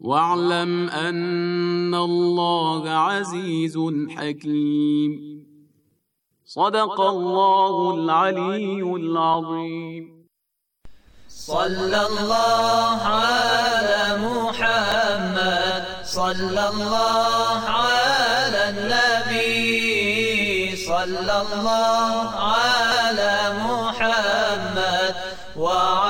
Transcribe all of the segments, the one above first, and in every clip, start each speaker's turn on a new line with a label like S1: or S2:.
S1: واعلم ان الله عزيز حكيم صدق الله العلي العظيم صلى الله على
S2: محمد صلى الله على النبي صلى الله على محمد وعلى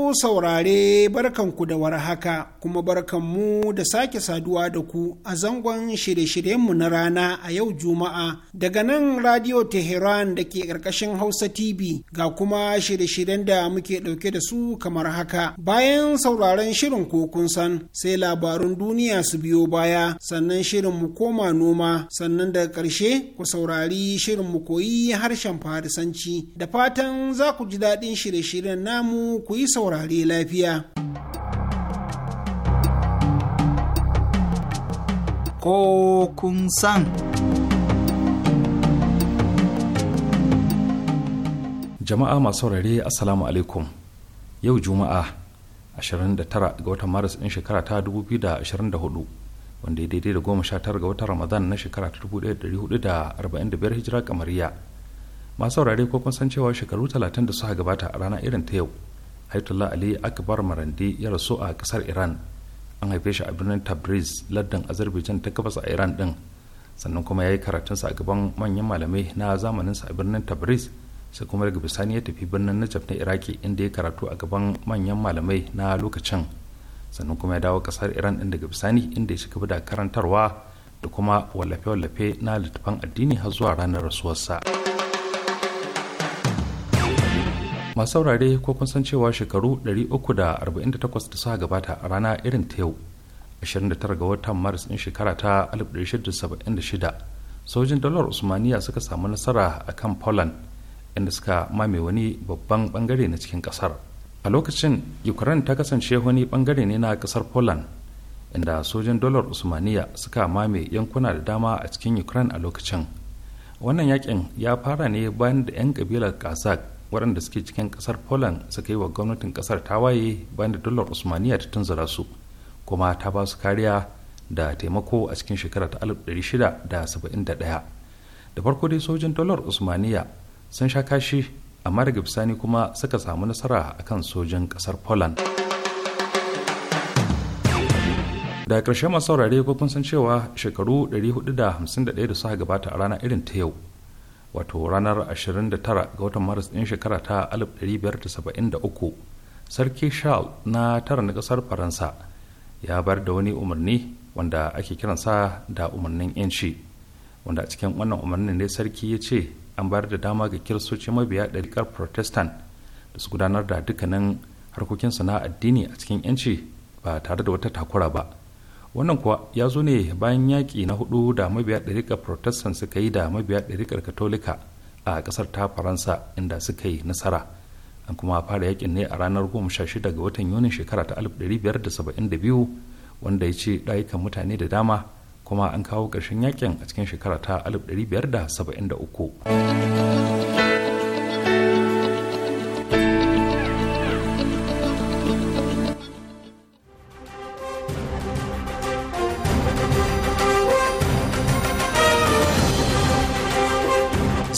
S1: Ku saurare barkanku da warhaka kuma barkanmu da sake saduwa da ku a zangon shirye-shiryenmu na rana a yau Juma'a daga nan Radio Tehran da ke ƙarƙashin Hausa TV ga kuma shirye-shiryen da muke ɗauke da su kamar haka. Bayan sauraron shirin kokun san sai labarun duniya su biyo baya sannan shirin mu koma noma sannan daga ƙarshe ku saurari shirin mu koyi harshen Farisanci da fatan za ku ji daɗin shirye-shiryen namu ku yi saurari. saurari lafiya.
S3: Ko kun san. Jama'a masu saurari Assalamu alaikum. Yau Juma'a 29 ga watan Maris ɗin shekara ta 2024. wanda ya daidai da goma sha tara ga watan ramadan na shekara ta dubu ɗaya da hudu da arba'in da biyar hijira kamariya masu saurare ko kun san cewa shekaru talatin da suka gabata a rana irin ta yau Ayatollah Ali Akbar Marandi ya rasu a kasar Iran an haife shi a birnin Tabriz lardin Azerbaijan ta gabas a Iran din sannan kuma ya yi karatunsa a gaban manyan malamai na zamanin sa a birnin Tabriz sai kuma daga bisani ya tafi birnin Najaf na Iraki inda ya karatu a gaban manyan malamai na lokacin sannan kuma ya dawo kasar Iran din daga bisani inda ya shiga da karantarwa da kuma wallafe-wallafe na littafan addini har zuwa ranar rasuwarsa. masu saurare ko kun san cewa shekaru 348 da suka gabata a rana irin ta yau 29 ga watan maris din shekara ta 1676 sojin dalar usmaniya suka samu nasara a kan poland inda suka mame wani babban bangare na cikin kasar a lokacin ukraine ta kasance wani bangare ne na kasar poland inda sojin dalar usmaniya suka mame yankuna da dama a cikin ukraine a lokacin wannan yakin ya fara ne bayan da 'yan kabilar kazakh waɗanda suke cikin ƙasar poland suka yi wa gwamnatin ƙasar ta waye bayan da dollar usmaniya ta tunzura su kuma ta ba su kariya da taimako a cikin shekara ta 1671 da farko dai sojin dollar usmaniya sun sha kashi amma daga bisani kuma suka samu nasara akan sojin ƙasar poland da ƙarshe masu saurare kun san cewa shekaru 451 da suka gabata a rana irin ta yau wato ranar 29 ga watan maris ɗin shekara ta 1573 sarki charles na tara na ƙasar faransa ya bar da wani umarni wanda ake kiransa da umarnin yanci wanda a cikin wannan umarnin ne sarki ya ce an bayar da dama ga kiristoci mabiya ɗarikar protestant da su gudanar da dukkanin harkokinsu na addini a cikin yanci ba tare da wata takura ba wannan kuwa ya zo ne bayan yaƙi na hudu da mabiya ɗariƙar protestant suka yi da mabiya ɗariƙar katolika a ƙasar ta faransa inda suka yi nasara an kuma fara yakin ne a ranar 16 ga watan yunin shekara ta 1572 wanda ya ce ɗayukan mutane da dama kuma an kawo ƙarshen yakin a cikin shekara ta 1573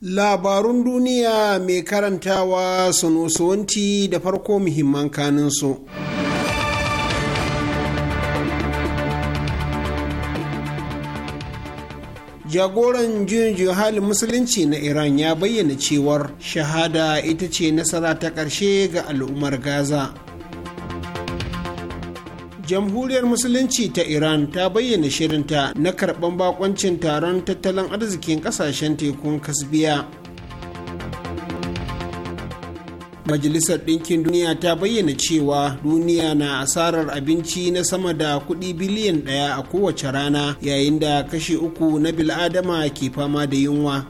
S1: Labarun duniya mai karantawa sunusuwanti da farko muhimman kaninsu. jagoran juyin hali musulunci na iran ya bayyana cewar shahada ita ce nasara ta ƙarshe ga al'ummar gaza jamhuriyar musulunci ta iran ta bayyana shirinta na karban bakoncin taron tattalin arzikin kasashen tekun kasbiya majalisar ɗinkin duniya ta bayyana cewa duniya na asarar abinci na sama da kuɗi biliyan ɗaya a kowace rana yayin da kashi uku na bil'adama ke fama da yunwa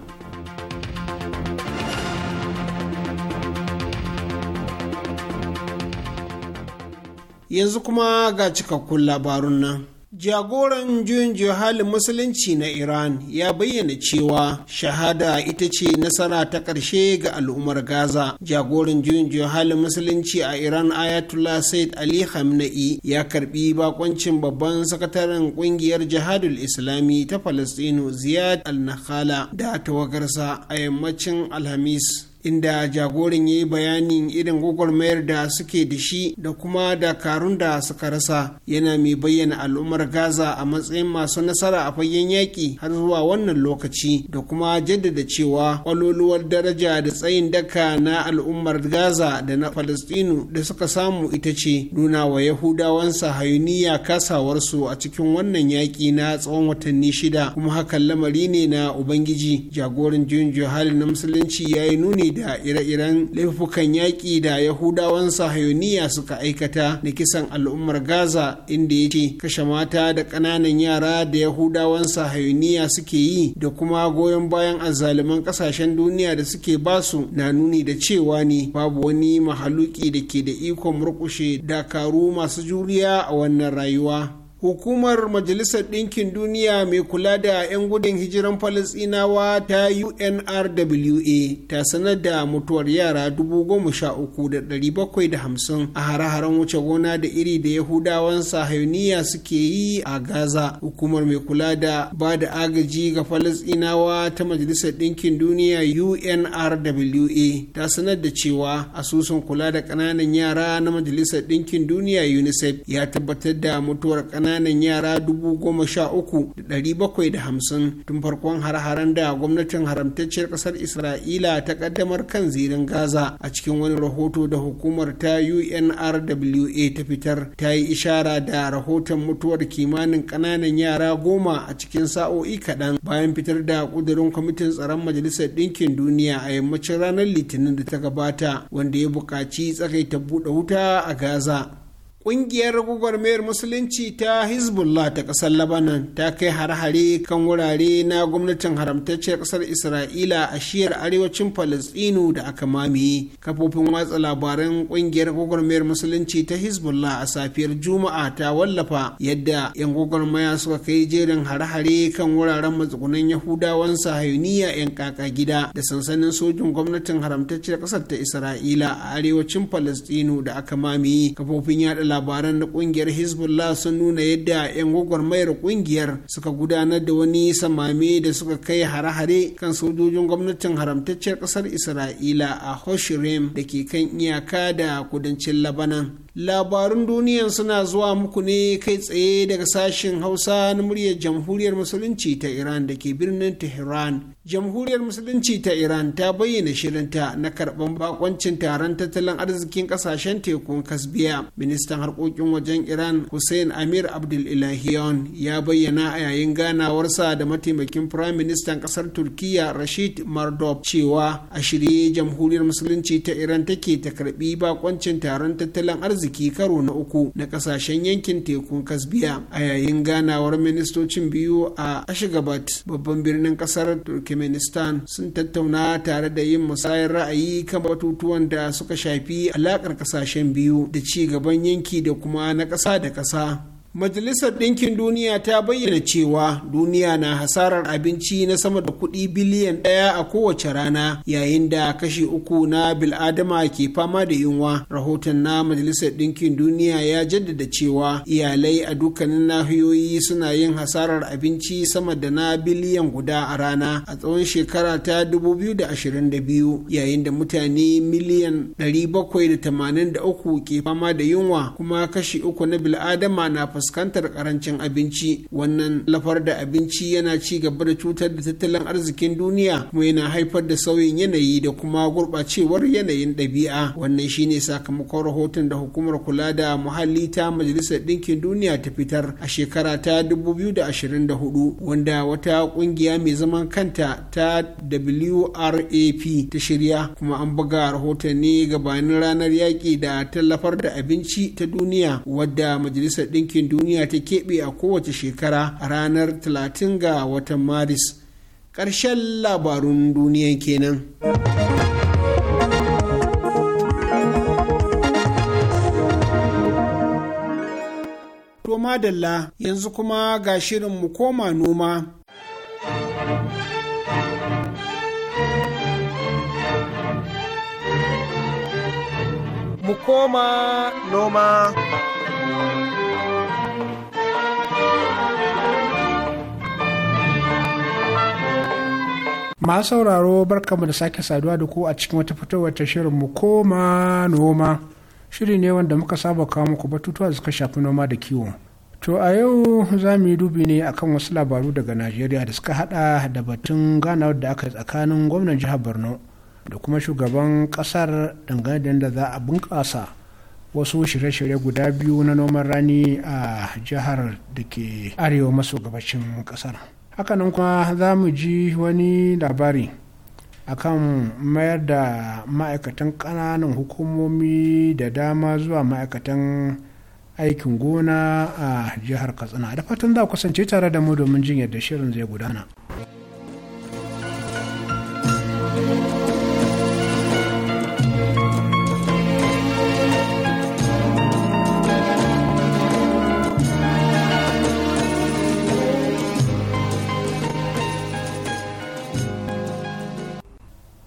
S1: yanzu kuma ga cikakkun labarun nan jagoran juyin halin musulunci na iran ya bayyana cewa shahada ita ce nasara ta ƙarshe ga al'ummar gaza jagoran juyin halin musulunci a iran ayatollah said ali khamenei ya karbi bakoncin babban sakataren ƙungiyar jihadul islami ta falasɗinu ziyad al-nakhala da tawagarsa a yammacin alhamis inda jagoran ya yi bayanin irin gwagwarmayar da suke da shi da kuma dakarun da suka rasa yana mai bayyana al'ummar gaza a matsayin masu nasara a fagen yaƙi har zuwa wannan lokaci da kuma jaddada cewa kwaloluwar daraja da tsayin daka na al'ummar gaza da na falastinu da suka samu ita ce nuna wa yahudawansa sahayuniya kasawarsu a cikin wannan yaƙi na tsawon watanni shida kuma hakan lamari ne na ubangiji jagoran juyin juhali na musulunci ya yi nuni da ire-iren laifukan yaƙi da yahudawan sahayoniya suka aikata na kisan al'ummar gaza inda ya ce kashe mata da ƙananan yara da yahudawan sahayoniya suke yi da kuma goyon bayan azzaluman ƙasashen duniya da suke basu na nuni da cewa ne babu wani mahaluki da ke da ikon murƙushe dakaru masu juriya a wannan rayuwa hukumar majalisar ɗinkin duniya mai kula da 'yan gudun hijiran falasinawa ta unrwa ta sanar da mutuwar yara 13,750 a hare-haren wuce gona da iri da yahudawan sahayuniya suke yi a gaza hukumar mai kula da ba da agaji ga falasinawa ta majalisar ɗinkin duniya unrwa ta sanar da cewa asusun kula da ƙananan yara na majalisar ɗinkin duniya unicef ya tabbatar da mutuwar ƙananan ƙananan yara dubu goma sha uku da ɗari bakwai da hamsin tun farkon har-haren da gwamnatin haramtacciyar ƙasar isra'ila ta ƙaddamar kan zirin gaza a cikin wani rahoto da hukumar ta unrwa ta fitar ta yi ishara da rahoton mutuwar kimanin ƙananan yara goma a cikin sa'o'i kaɗan bayan fitar da ƙudurin kwamitin tsaron majalisar ɗinkin duniya a yammacin ranar litinin da ta gabata wanda ya buƙaci tsakaita buɗe wuta a gaza Ƙungiyar gwagwarmayar Musulunci ta Hezbollah ta ƙasar Labanan ta kai har-hare kan wurare na gwamnatin haramtacciyar ƙasar Isra'ila a shiyar arewacin Falasɗinu da aka mamaye. Kafofin watsa labaran ƙungiyar gwagwarmayar Musulunci ta Hezbollah a safiyar Juma'a ta wallafa yadda 'yan gwagwarmaya suka kai jerin har-hare kan wuraren matsugunan Yahudawan Sahayuniya 'yan ƙaƙa gida da sansanin sojin gwamnatin haramtacciyar ƙasar ta Isra'ila a arewacin Falasɗinu da aka mamaye. Kafofin yaɗa labaran na kungiyar hezbollah sun nuna yadda 'yan gwagwarmayar kungiyar suka gudanar da wani samame da suka kai hare-hare kan sojojin gwamnatin haramtacciyar kasar isra'ila a hoshirim da ke kan iyaka da kudancin labanan labarun duniyan suna zuwa muku ne kai tsaye daga sashen hausa na muryar jamhuriyar musulunci ta iran da ke birnin tehran jamhuriyar musulunci ta iran ta bayyana shirinta na karban bakoncin taron tattalin arzikin ƙasashen tekun kasbiya ministan harkokin wajen iran hussein amir abdul ilahiyon ya bayyana a yayin ganawarsa da mataimakin firayim ministan ƙasar turkiya rashid mardob cewa a shirye jamhuriyar musulunci ta iran take ta karɓi bakoncin taron tattalin arziki karo na uku na ƙasashen yankin tekun kasbiya a yayin ganawar ministocin biyu a ashigabat babban birnin ƙasar turkiya turkmenistan sun tattauna tare da yin musayar ra'ayi kan batutuwan da suka shafi alaƙar ƙasashen biyu da ci gaban yanki da kuma na ƙasa da ƙasa Majalisar Ɗinkin Duniya ta bayyana cewa duniya na hasarar abinci na sama da kuɗi biliyan ɗaya a kowace rana yayin da kashi uku na bil'adama ke fama da yunwa. Rahoton na Majalisar Ɗinkin Duniya ya jaddada cewa iyalai a dukkanin nahiyoyi suna yin hasarar abinci sama da na biliyan guda a rana a tsawon shekara ta 2022 yayin da mutane miliyan 783 ke fama da yunwa kuma kashi uku na bil'adama na fuskantar karancin abinci wannan lafar da abinci yana ci gaba da cutar da tattalin arzikin duniya kuma yana haifar da sauyin yanayi da kuma gurɓacewar yanayin ɗabi'a wannan shine sakamakon rahoton da hukumar kula da muhalli ta majalisar ɗinkin duniya ta fitar a shekara ta 2024 wanda wata ƙungiya mai zaman kanta ta WRAP ta shirya kuma an buga rahoton ne gabanin ranar yaƙi da tallafar da abinci ta duniya wadda majalisar ɗinkin duniya ta keɓe a kowace shekara a ranar 30 ga watan maris ƙarshen labarun duniya kenan. To madalla yanzu kuma ga shirin mu koma noma. Mu koma noma.
S4: masu sauraro barkamu da sake saduwa da ku a cikin wata fitowar ta shirin mu koma noma shiri ne wanda muka saba kawo muku batutuwa da suka shafi noma da kiwo to a yau za mu yi dubi ne akan wasu labaru daga najeriya da suka hada da batun ganawar da aka yi tsakanin gwamnan jihar borno da kuma shugaban kasar dangane da yadda za a bunkasa wasu shirye-shirye guda biyu na noman rani a jihar da ke arewa maso gabashin kasar. hakanan kuma za mu ji wani labari akan mayar da ma'aikatan ƙananan hukumomi da dama zuwa ma'aikatan aikin gona a jihar katsina da fatan za ku kasance tare da mu domin jin yadda shirin zai gudana.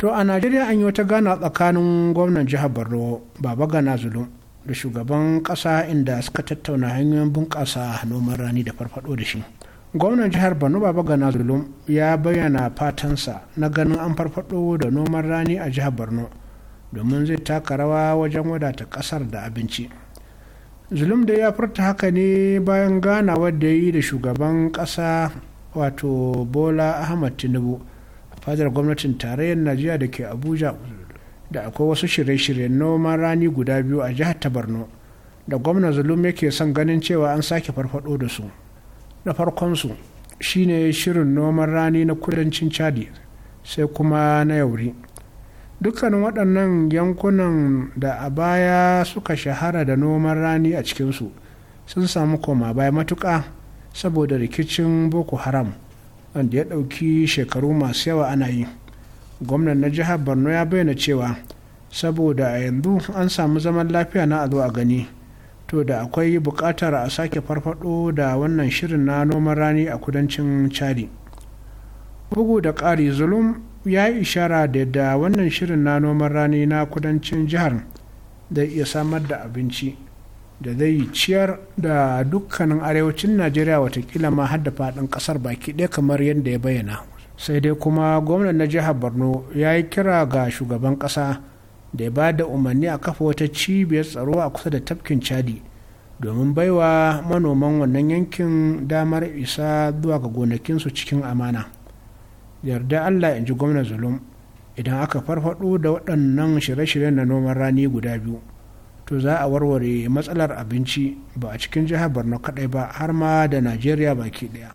S4: to a najeriya an yi wata gana tsakanin gwamnan jihar borno baba gana zulum da shugaban kasa inda suka tattauna hanyoyin bunƙasa noman rani da farfado da shi gwamnan jihar borno baba gana zulum ya bayyana fatansa na ganin an farfado da noman rani a jihar borno domin zai taka rawa wajen wadata kasar da abinci zulum da ya furta haka ne bayan ganawar da yi da shugaban kasa wato bola ahmad tinubu fadar gwamnatin tarayyar najeriya da ke abuja da akwai wasu shirye-shiryen noman rani guda biyu a jihar ta borno da gwamnan zulum yake son ganin cewa an sake farfado da su na farkonsu shine shirin noman rani na kudancin chadi sai kuma na yauri dukkanin waɗannan yankunan da a baya suka shahara da noman rani a cikinsu sun samu koma baya matuƙa saboda rikicin boko haram wanda ya ɗauki shekaru masu yawa ana yi gwamnan na jihar borno ya bayyana cewa saboda a yanzu an samu zaman lafiya na azo a gani to da akwai buƙatar a sake farfado da wannan shirin na noman rani a kudancin chadi bugu da ƙari zulum ya yi ishara da yadda wannan shirin na noman rani na kudancin jihar da iya samar da abinci da zai ciyar da dukkanin arewacin najeriya watakila ma hadda fadin faɗin ƙasar baki ɗaya kamar yadda ya bayyana sai dai kuma gwamnan na jihar borno ya yi kira ga shugaban ƙasa da ya ba da umarni a kafa wata cibiyar tsaro a kusa da tafkin chadi domin baiwa manoman wannan yankin damar isa zuwa ga gonakinsu cikin amana yarda allah in ji gwamnan zulum idan aka farfado da waɗannan shirye-shiryen na noman rani guda biyu to za a warware matsalar abinci ba a cikin jihar borno kadai ba har ma da najeriya baki daya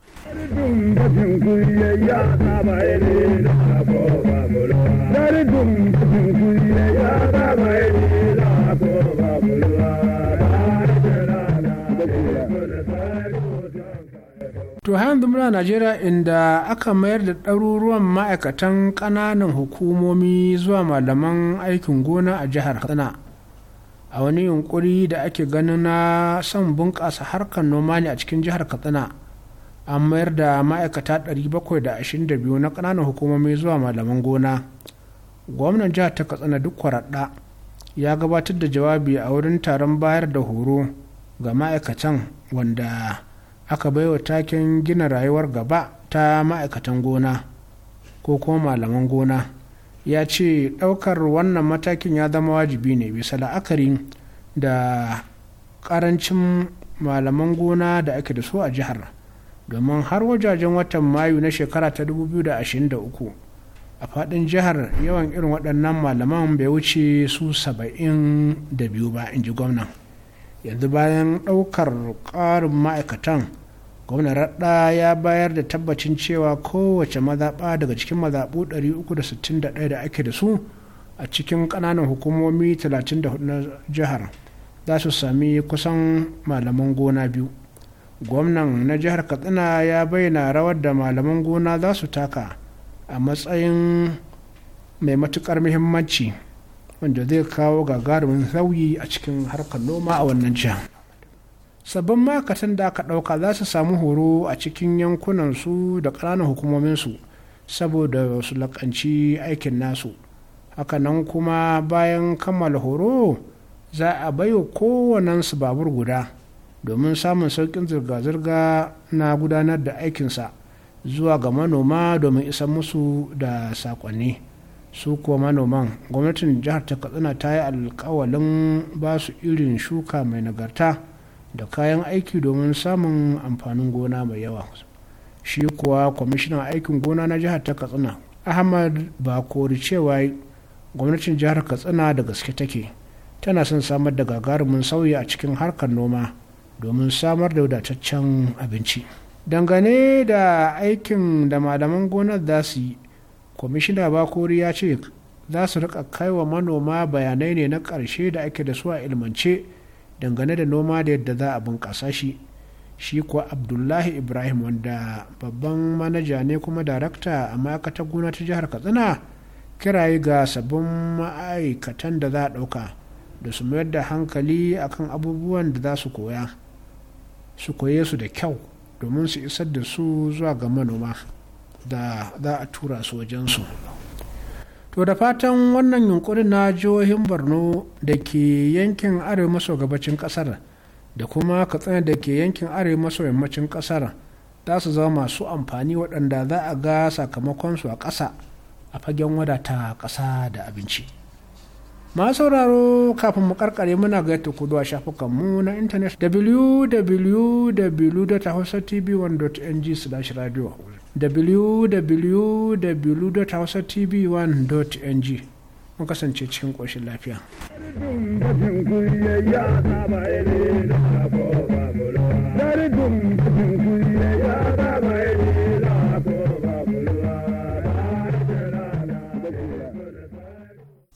S4: to yanzu muna najeriya inda aka mayar da ɗaruruwan ma'aikatan ƙananan hukumomi zuwa malaman aikin gona a jihar katsina a wani yunkuri da ake ganin na son bunƙasa harkar noma ne a cikin jihar katsina an mayar da ma'aikata 722 na ƙananan hukumomi zuwa malaman gona gwamnan jihar ta katsina duk kwaraɗa ya gabatar da jawabi a wurin taron bayar da horo ga ma'aikatan wanda aka baiwa taken gina rayuwar gaba ta ma'aikatan gona ko kuma malaman gona ya ce ɗaukar wannan matakin ya zama wajibi ne bisa la'akari da ƙarancin malaman gona da ake da su a jihar domin har wajajen watan mayu na shekara ta 2023 a faɗin jihar yawan irin waɗannan malaman bai wuce su 72 ba in ji gwamnan yanzu bayan ɗaukar ƙarin ma'aikatan gwamnan raɗa ya bayar da tabbacin cewa kowace mazaɓa daga cikin mazaɓu 361 da ake da su a cikin ƙananan hukumomi 34 na jihar za su sami kusan malaman gona biyu gwamnan na jihar katsina ya bayyana rawar da malaman gona za su taka a matsayin mai matuƙar muhimmanci wanda zai kawo gagarumin sauyi a cikin harkar noma a wannan jihar sabbin ma'aikatan da aka ɗauka za su samu horo a cikin yankunansu da ƙananan hukumominsu saboda su laƙanci aikin nasu hakanan kuma bayan kammala horo za a baiwa kowanensu babur guda domin samun sauƙin zirga-zirga na gudanar da aikinsa zuwa ga manoma domin isa musu da saƙonni su kuwa manoman gwamnatin jihar ta katsina ta yi alkawalin ba su irin shuka mai nagarta da kayan aiki domin samun amfanin gona mai yawa shi kuwa kwamishinan aikin gona na jihar ta katsina ahmad bakori cewa gwamnatin jihar katsina da gaske take tana son samar da gagarumin sauyi a cikin harkar noma domin samar da wadataccen abinci dangane da aikin da malaman gonar za su yi kwamishina bakori ya ce za su rika kaiwa manoma bayanai ne na ƙarshe da ake da su a ilmance dangane da noma da yadda za a bunƙasa shi shi kuwa abdullahi ibrahim wanda babban manaja ne kuma darakta a ma'aikatar gona ta jihar katsina kiraye ga sabbin ma'aikatan da za a ɗauka da su mayar da hankali akan abubuwan da za su koya su koye su da kyau domin su isar da su zuwa ga manoma da za a tura su wajensu to da fatan wannan yunkurin na jihohin borno da ke yankin arewa maso gabacin kasar da kuma katsina da ke yankin arewa maso yammacin kasar za su zama masu amfani waɗanda za a ga sakamakonsu a ƙasa a fagen wadata ƙasa da abinci masu sauraro kafin mu karkare muna ga yadda kudu a shafukanmu na intanet www.hausatv1.ng/radio www.hausatv1.ng Mun kasance cikin ƙoshin lafiya.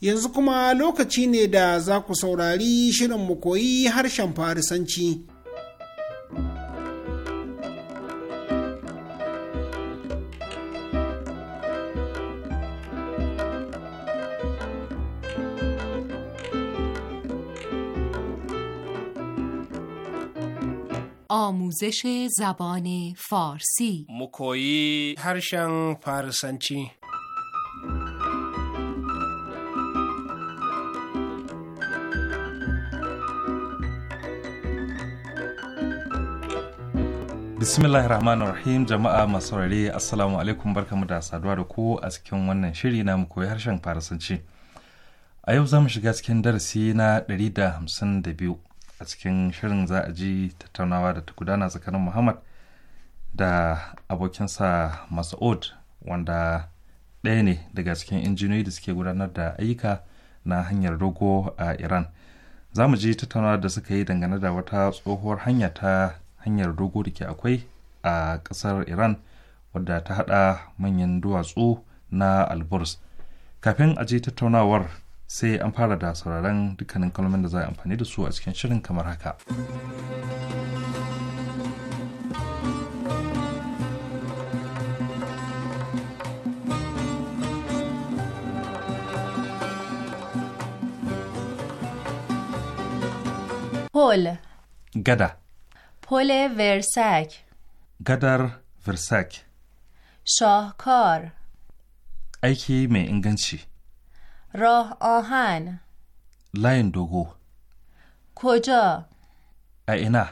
S1: Yanzu kuma lokaci ne da za ku saurari shirin mu koyi harshen Farisanci.
S5: آموزش زبان فارسی
S3: koyi
S4: harshen فارسنچی
S3: bismillahir rahmanir rahim jama'a masu saurare assalamu alaikum barkamu da saduwa da ku a cikin wannan shiri na mu koyi harshen faransanci a yau za mu shiga cikin darasi na 152 a cikin shirin za a ji tattaunawa da ta gudana tsakanin muhammad da abokinsa masu'ud wanda ɗaya ne daga cikin injiniyoyi da suke gudanar da ayyuka na hanyar dogo a iran za mu ji tattaunawa da suka yi dangane da wata tsohuwar hanya ta hanyar dogo da ke akwai a ƙasar iran wadda ta haɗa manyan duwatsu na alburs kafin a ji tattaunawar sai an fara da sauraron dukkanin kalmomin da za a amfani da su a cikin shirin kamar haka. Pol. gada.
S5: pole Versak.
S3: gadar Versak.
S5: Shahkar.
S3: aiki mai inganci.
S5: راه آهن
S3: لین دوگو
S5: کجا اینا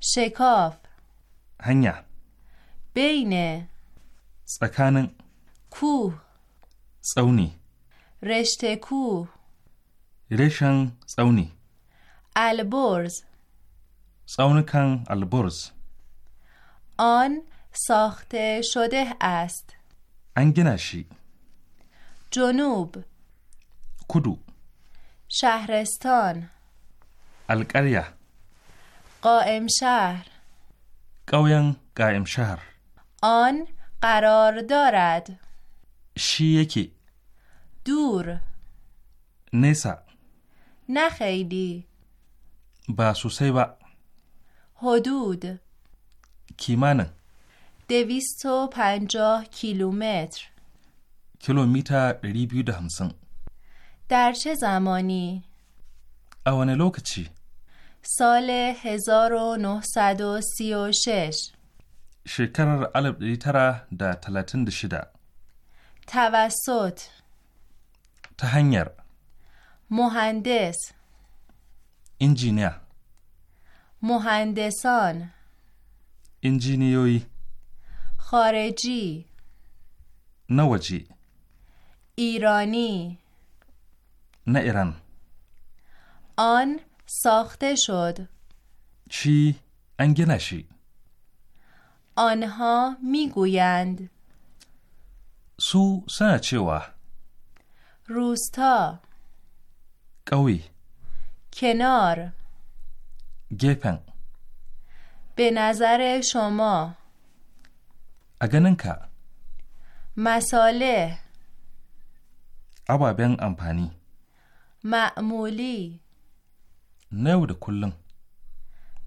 S5: شکاف هنیا بین
S3: سکانن کوه سونی
S5: رشته کوه
S3: رشن سونی
S5: البرز
S3: سونکن البرز
S5: آن ساخته شده است
S3: انگنشی
S5: جنوب کدو شهرستان القریه قائم شهر
S3: قویان قائم شهر
S5: آن قرار دارد
S3: شی دور نیسا
S5: نه خیلی
S3: با سوسی با
S5: حدود کیمان دویست و پنجاه کیلومتر
S3: کیلومتر ریبیو ده همسن
S5: در چه زمانی؟
S3: اوان چی؟
S5: سال 1936
S3: شکرر علب دیتره ترا دا
S5: توسط تهنگر مهندس انجینیر مهندسان
S3: انجینیوی
S5: خارجی نوجی ایرانی نه ایران آن ساخته شد
S3: چی انگه نشی
S5: آنها میگویند
S3: سو چه چوا
S5: روستا قوی کنار گپن به نظر شما که؟ مساله
S3: بین امپانی
S5: معمولی
S3: نو ده کلن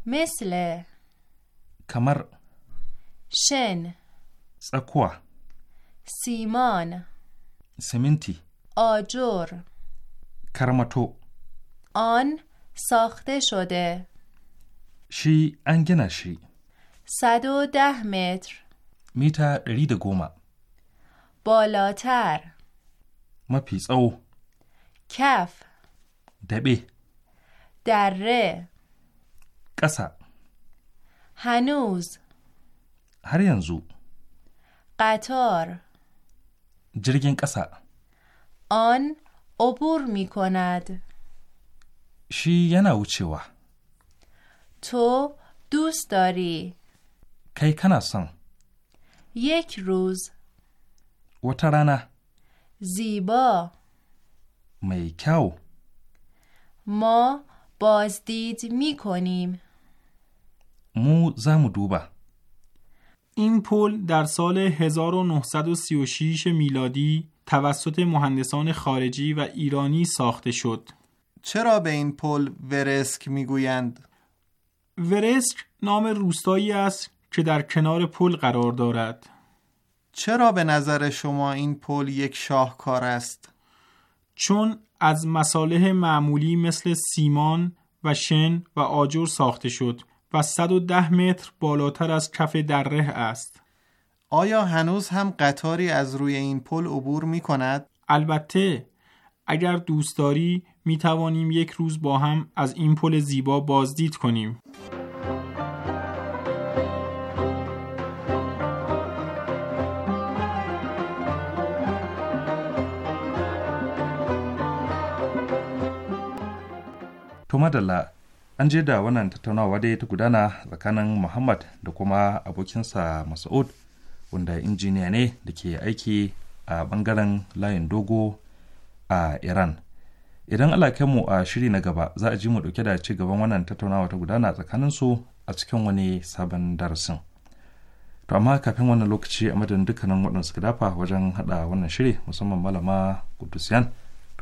S5: مثل کمر شن سکوا سیمان سمنتی آجر کرماتو آن ساخته شده
S3: شی انگنه شی
S5: صد و ده متر
S3: میتا رید گوما
S5: بالاتر
S3: ما پیس او کف daɓe
S5: dare ƙasa hannus har yanzu ƙator
S3: jirgin ƙasa
S5: on obur mikonad
S3: shi yana wucewa
S5: to dustari
S3: kai kana son
S5: yek ruz
S3: wata rana
S5: Zibo.
S3: mai kyau
S5: ما بازدید می کنیم
S3: مو زم این پل در سال
S1: 1936 میلادی توسط مهندسان خارجی و ایرانی ساخته شد. چرا به این پل ورسک میگویند؟ ورسک نام روستایی است که در کنار پل قرار دارد. چرا به نظر شما این پل یک شاهکار است؟ چون از مصالح معمولی مثل سیمان و شن و آجر ساخته شد و 110 متر بالاتر از کف دره است. آیا هنوز هم قطاری از روی این پل عبور می کند؟ البته اگر دوست داری می توانیم یک روز با هم از این پل زیبا بازدید کنیم.
S3: To madalla an je da wannan tattaunawa dai ta gudana tsakanin Muhammad da kuma abokinsa Masa'ud wanda injiniya ne da ke aiki a bangaren layin dogo a Iran. Idan mu a shiri na gaba za a ji mu dauke da ci gaban wannan tattaunawa ta gudana tsakanin su a cikin wani sabon darasin. To amma kafin wannan lokaci a madadin dukkanin waɗanda suka dafa wajen haɗa wannan shiri musamman malama Kudusiyan.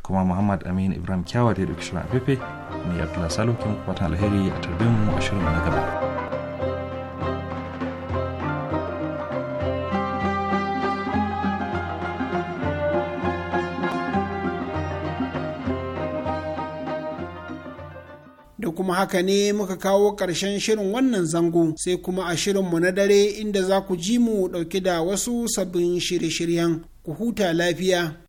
S3: kuma muhammad amin ibrahim kyawa da ya shirin afefe ne abdullahi salo ke muku fatan alheri a tarbiyyar mu a shirin na gaba.
S1: da kuma haka ne muka kawo ƙarshen shirin wannan zango sai kuma a mu na dare inda za ku ji mu ɗauke da wasu sabbin shirye-shiryen ku huta lafiya.